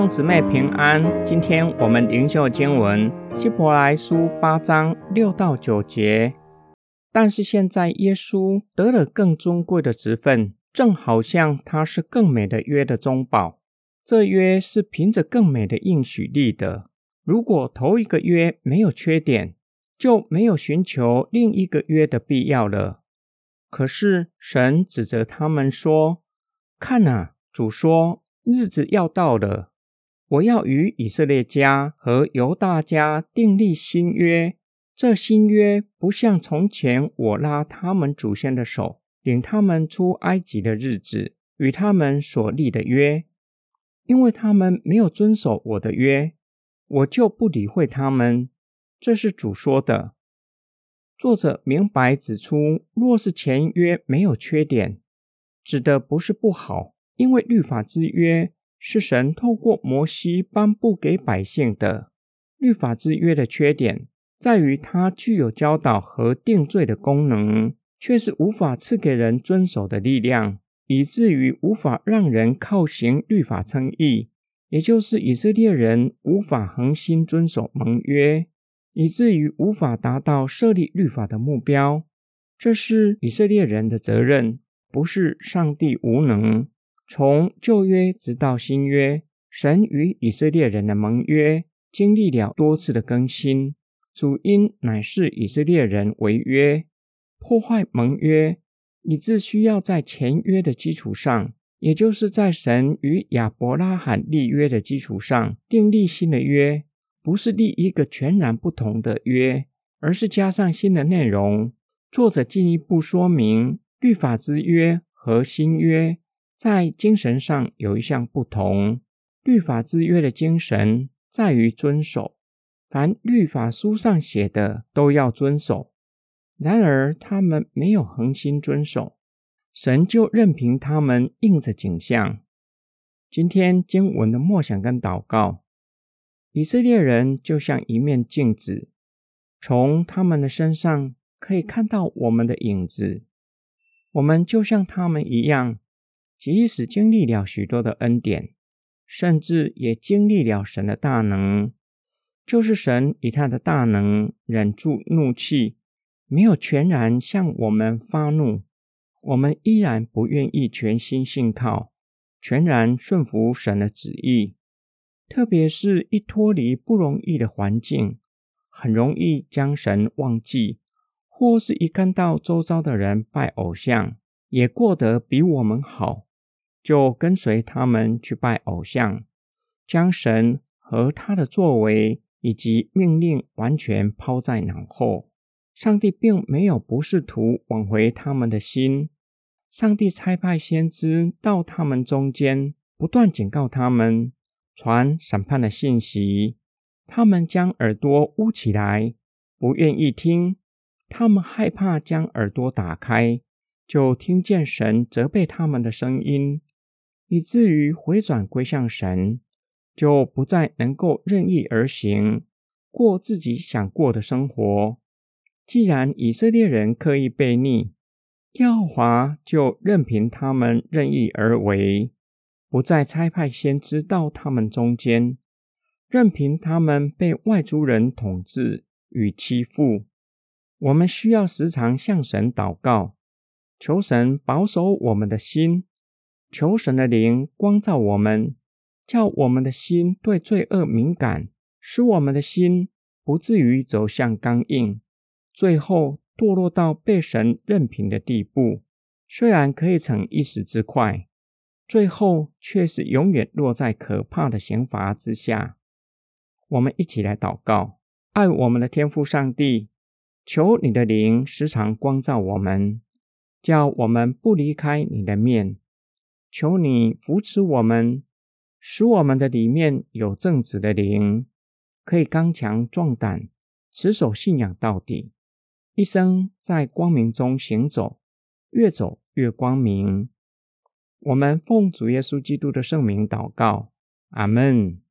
弟兄姊妹平安，今天我們靈修經文《希伯來書》八章六到九節。但是現在耶穌得了更尊貴的職分，正好像他是更美的約的中保。這約是憑着更美的應許立的。如果頭一個約沒有缺點，就沒有尋求另一個約的必要了。可是神指責他們說：“看啊，主說，日子要到了。”我要與以色列家和猶大家訂立新約，這新約不像從前我拉他們祖先的手，領他們出埃及的日子，與他們所立的約，因為他們沒有遵守我的約，我就不理會他們。這是主說的。作者明白指出，若是前約沒有缺點，指的不是不好，因為律法之約。是神透過摩西頒布給百姓的律法之約的缺點，在於它具有教導和定罪的功能，卻是無法賜給人遵守的力量，以至於無法讓人靠行律法稱義，也就是以色列人無法恆心遵守盟約，以至於無法達到設立律法的目標。這是以色列人的責任，不是上帝無能。從舊約直到新約，神與以色列人的盟約經歷了多次的更新，主因乃是以色列人違約破壞盟約，以致需要在前約的基礎上，也就是在神與亞伯拉罕立約的基礎上訂立新的約，不是立一個全然不同的約，而是加上新的內容。作者進一步說明律法之約和新約。在精神上有一項不同，律法之約的精神在於遵守，凡律法書上寫的都要遵守。然而他們沒有恆心遵守，神就任憑他們硬著頸項。今天經文的默想跟禱告，以色列人就像一面鏡子，從他們的身上可以看到我們的影子，我們就像他們一樣。即使經歷了許多的恩典，甚至也經歷了神的大能，就是神以他的大能忍住怒氣，沒有全然向我們發怒，我們依然不願意全心信靠，全然順服神的旨意。特別是一脫離不容易的環境，很容易將神忘記，或是一看到周遭的人拜偶像，也過得比我們好。就跟隨他們去拜偶像，將神和他的作為以及命令完全拋在腦後。上帝並沒有不試圖挽回他們的心。上帝差派先知到他們中間，不斷警告他們，傳審判的信息。他們將耳朵捂起來，不願意聽；他們害怕將耳朵打開，就聽見神責備他們的聲音。以至於回轉歸向神，就不再能夠任意而行，過自己想過的生活。既然以色列人刻意悖逆，耶和華就任憑他們任意而為，不再差派先知到他們中間，任憑他們被外族人統治與欺負。我們需要時常向神禱告，求神保守我們的心。求神的靈光照我們，叫我們的心對罪惡敏感，使我們的心不至於走向剛硬，最後墮落到被神任憑的地步。雖然可以逞一時之快，最後卻是永遠落在可怕的刑罰之下。我們一起來禱告，愛我們的天父上帝，求你的靈時常光照我們，叫我們不離開你的面。求你扶持我們，使我們的裡面有正直的靈，可以剛強壯膽，持守信仰到底，一生在光明中行走，越走越光明。我們奉主耶穌基督的聖名禱告，阿門。